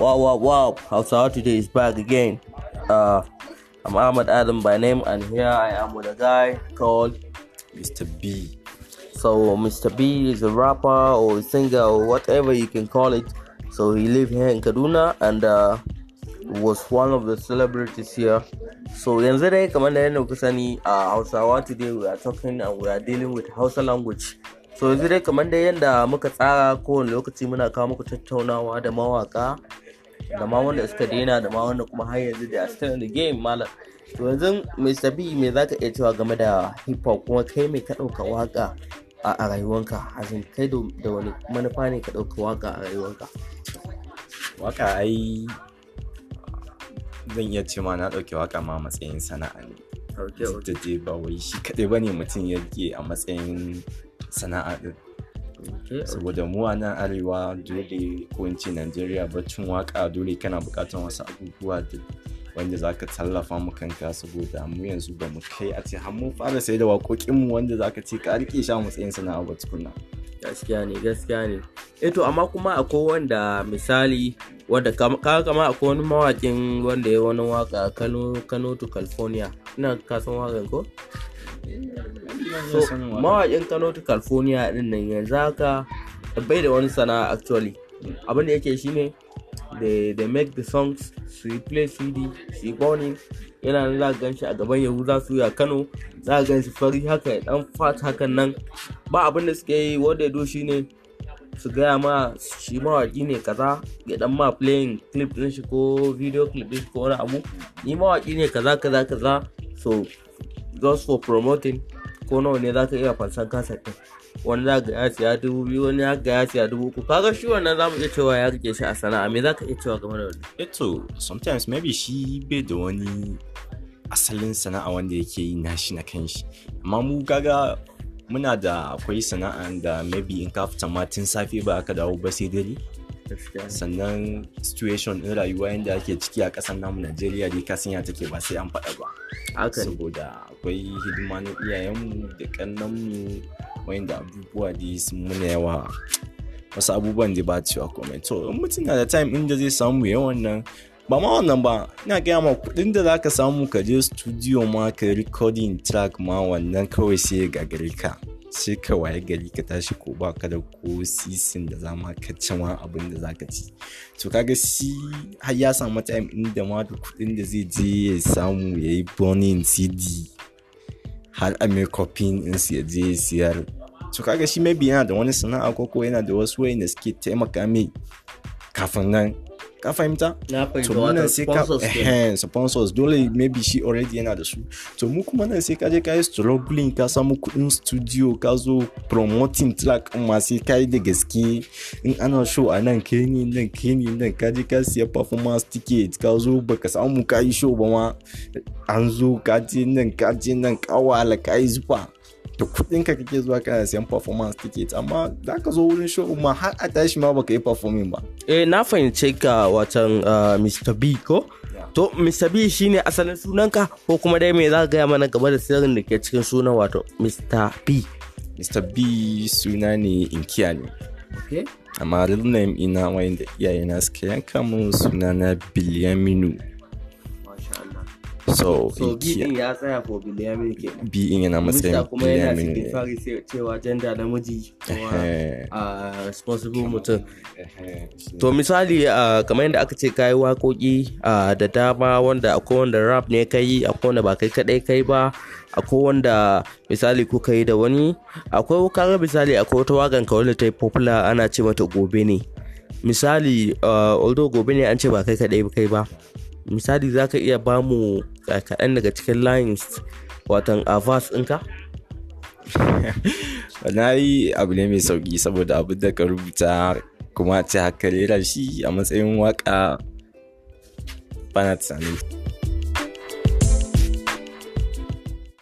Wow, wow, wow. Hausawa Today is back again. Uh, I'm Ahmad Adam by name, and here I am with a guy called Mr. B. So, Mr. B is a rapper or a singer or whatever you can call it. So, he lives here in Kaduna and uh, was one of the celebrities here. So, yesterday, Commander kamar da yadda Today we are talking and we are dealing with Hausa language. So, yesterday, Commander, kamar da yadda muka tsara kowane lokaci muna kawo mawaka. da ma wanda suka daina da ma wanda kuma har yanzu da still in the game malam to yanzu mai sabi me zaka iya cewa game da hip hop kuma kai mai ka dauka waka a rayuwanka azin kai da wani manufa ne ka dauka waka a rayuwanka waka ai zan iya ce ma na dauke waka ma matsayin sana'a ne ta ba wai shi kadai bane mutum ya yake a matsayin sana'a din saboda mu a nan arewa dole ko in ce nigeria baccin waka dole kana bukatar wasu abubuwa da wanda za ka tallafa mu kanka saboda mu yanzu ba mu kai a ce har mun fara sai da waƙoƙinmu wanda za ka ce ka rike sha matsayin sana'a ba tukunna gaskiya ne gaskiya ne eto eh amma kuma akwai wanda misali wanda ka kama akwai wani mawakin wanda ya wani waka kano kano to california ina kasan wakan ko so mawaƙin kano ta california din nan yanzu haka bai da wani sana'a actually abin da yake shine they, they make the songs su yi play cd su yi burning yana nan za gan shi a gaban yahuza su a kano za gan shi fari haka dan fat hakan nan ba abin da suke yi wanda ya do ne su gaya ma shi mawaki ne kaza ya dan ma playing clip din shi ko video clip din shi ko wani abu ni mawaki ne kaza kaza kaza so just for promoting ko nawa ne zaka iya fansan kaset ɗin wani za ga ya dubu biyu wani ya ga ya dubu uku kaga shi wannan za mu iya cewa ya rike shi a sana'a me za ka iya cewa game da wani? eto eh sometimes maybe shi bai da wani asalin sana'a wanda yake yi nashi na kan shi. amma mu kaga muna da akwai sana'a da maybe in ka fita ma tun safe ba ka dawo ba sai dare sannan situation in rayuwa yadda ake ciki a ƙasar namu najeriya dai kasanya take ba sai an faɗa ba saboda akwai hidima na iyayenmu da ƙannanmu wanda abubuwa dai sun muna yawa wasu abubuwan da ba cewa komai to in mutum na da time inda zai samu yawan nan ba ma wannan ba ina gaya ma kudin da zaka samu ka je studio ma ka recording track ma wannan kawai sai ga ka Ci ka waye gari ka tashi ko ba ka da ko sisin da za ma ka ci ma abin da za ka ci to kaga shi har ya samu time inda ma da kuɗin da zai je ya samu ya yi burning cd har a mai copying in ya je ya siyar to kaga shi maybe yana da wani sana'a ko ko yana da wasu da suke taimaka mai kafin nan ka fahimta to nan sai ka eh sponsors dole maybe she already yana da su to mu kuma nan sai ka je ka yi struggling ka samu kudin studio ka zo promoting track ma sai ka yi da gaske in ana show a nan ke ni nan ke ni nan ka je ka siya performance ticket ka zo baka samu ka yi show ba ma an zo ka je nan ka je nan ka ka yi da kuɗin ka kake zuwa kana siyan performance ticket amma za ka zo wurin show ma har a tashi ma baka yi performing ba eh na fahimce ka watan ah, Mr B ko to Mr B shine asalin sunanka ko kuma dai me za ka gaya mana game da sirrin da ke cikin sunan wato Mr B Mr B suna ne inkiya ne okay amma real name ina da iyayena suka yanka mun suna na Bilyaminu so, so ya tsaya for biliyamin ke b yana matsayin kuma yana cikin fari cewa gender namiji kuma a responsible mutum to misali kamar yadda aka ce kayi wakoki da dama wanda akwai wanda rap ne kai akwai wanda ba kai kadai kai ba akwai wanda misali kuka yi da wani akwai kaga misali akwai wata wagan ka wanda ta yi popular ana ce mata gobe ne misali although gobe ne an ce ba kai kadai kai ba misali za ka iya ba mu eh, kaɗan daga cikin lions watan avas ɗinka na yi abu ne mai sauki saboda abin da ka rubuta kuma ce haka rera shi a matsayin waka na sani